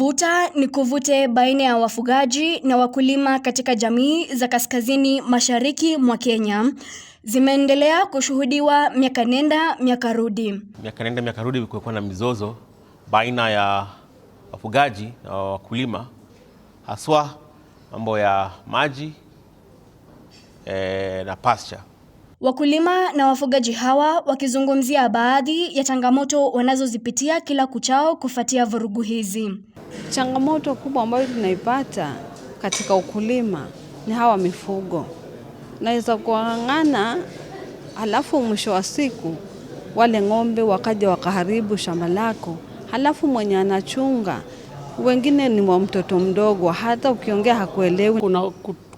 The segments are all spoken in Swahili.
Vuta ni kuvute baina ya wafugaji na wakulima katika jamii za kaskazini mashariki mwa Kenya zimeendelea kushuhudiwa miaka nenda miaka rudi. Miaka nenda miaka rudi kulikuwa na mizozo baina ya wafugaji na wakulima, haswa mambo ya maji e, na pasture. Wakulima na wafugaji hawa wakizungumzia baadhi ya changamoto wanazozipitia kila kuchao kufuatia vurugu hizi. Changamoto kubwa ambayo tunaipata katika ukulima ni hawa mifugo, naweza kuang'ana halafu mwisho wa siku wale ng'ombe wakaja wakaharibu shamba lako, halafu mwenye anachunga wengine ni wa mtoto mdogo, hata ukiongea hakuelewi. Kuna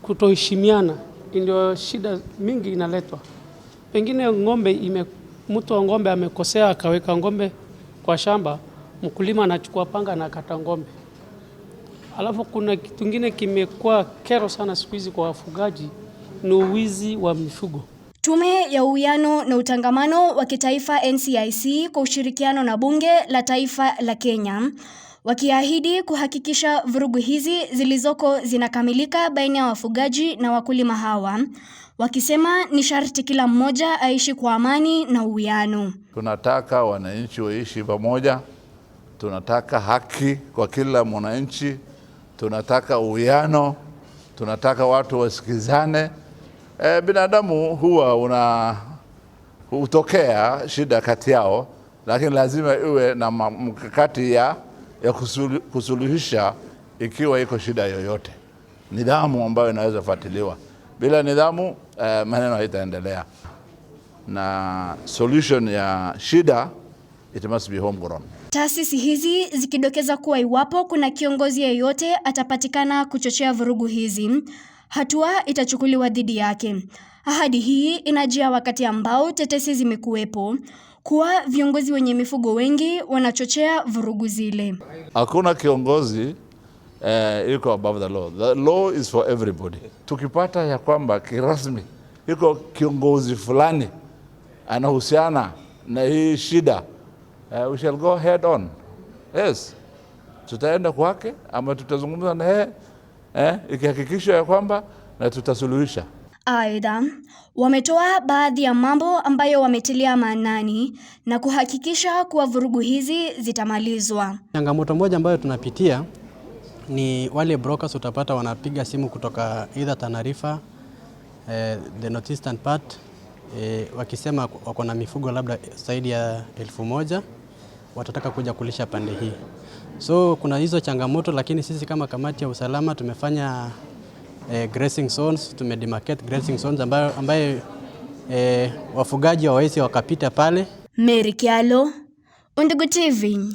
kutoheshimiana, ndio shida mingi inaletwa. Pengine ng'ombe ime mtu wa ng'ombe amekosea akaweka ng'ombe kwa shamba mkulima anachukua panga na kata ng'ombe. Alafu kuna kitu kingine kimekuwa kero sana siku hizi kwa wafugaji ni uwizi wa mifugo. Tume ya Uwiano na Utangamano wa Kitaifa NCIC kwa ushirikiano na Bunge la Taifa la Kenya wakiahidi kuhakikisha vurugu hizi zilizoko zinakamilika baina ya wafugaji na wakulima hawa, wakisema ni sharti kila mmoja aishi kwa amani na uwiano. Tunataka wananchi waishi pamoja tunataka haki kwa kila mwananchi, tunataka uwiano, tunataka watu wasikizane. E, binadamu huwa una hutokea shida kati yao, lakini lazima iwe na mkakati ya, ya kusuluhisha ikiwa iko shida yoyote, nidhamu ambayo inaweza fuatiliwa. Bila nidhamu eh, maneno haitaendelea na solution ya shida It must be homegrown. Taasisi hizi zikidokeza kuwa iwapo kuna kiongozi yeyote atapatikana kuchochea vurugu hizi, hatua itachukuliwa dhidi yake. Ahadi hii inajia wakati ambao tetesi zimekuwepo kuwa viongozi wenye mifugo wengi wanachochea vurugu zile. Hakuna kiongozi uh, iko above the law. The law is for everybody. Tukipata ya kwamba kirasmi iko kiongozi fulani anahusiana na hii shida Uh, we shall go head on. Yes. Tutaenda kwake ama tutazungumza yeye eh, ikihakikishwa ya kwamba na tutasuluhisha. Aidha, wametoa baadhi ya mambo ambayo wametilia maanani na kuhakikisha kuwa vurugu hizi zitamalizwa. Changamoto moja ambayo tunapitia ni wale brokers utapata wanapiga simu kutoka either Tanarifa eh, the northeastern part eh, wakisema wako na mifugo labda zaidi ya elfu moja watataka kuja kulisha pande hii. So kuna hizo changamoto, lakini sisi kama kamati ya usalama tumefanya eh, grazing zones, tumedemarcate grazing zones ambayo, ambayo eh, wafugaji hawawezi wakapita pale. Mary Kyalo, Undugu TV.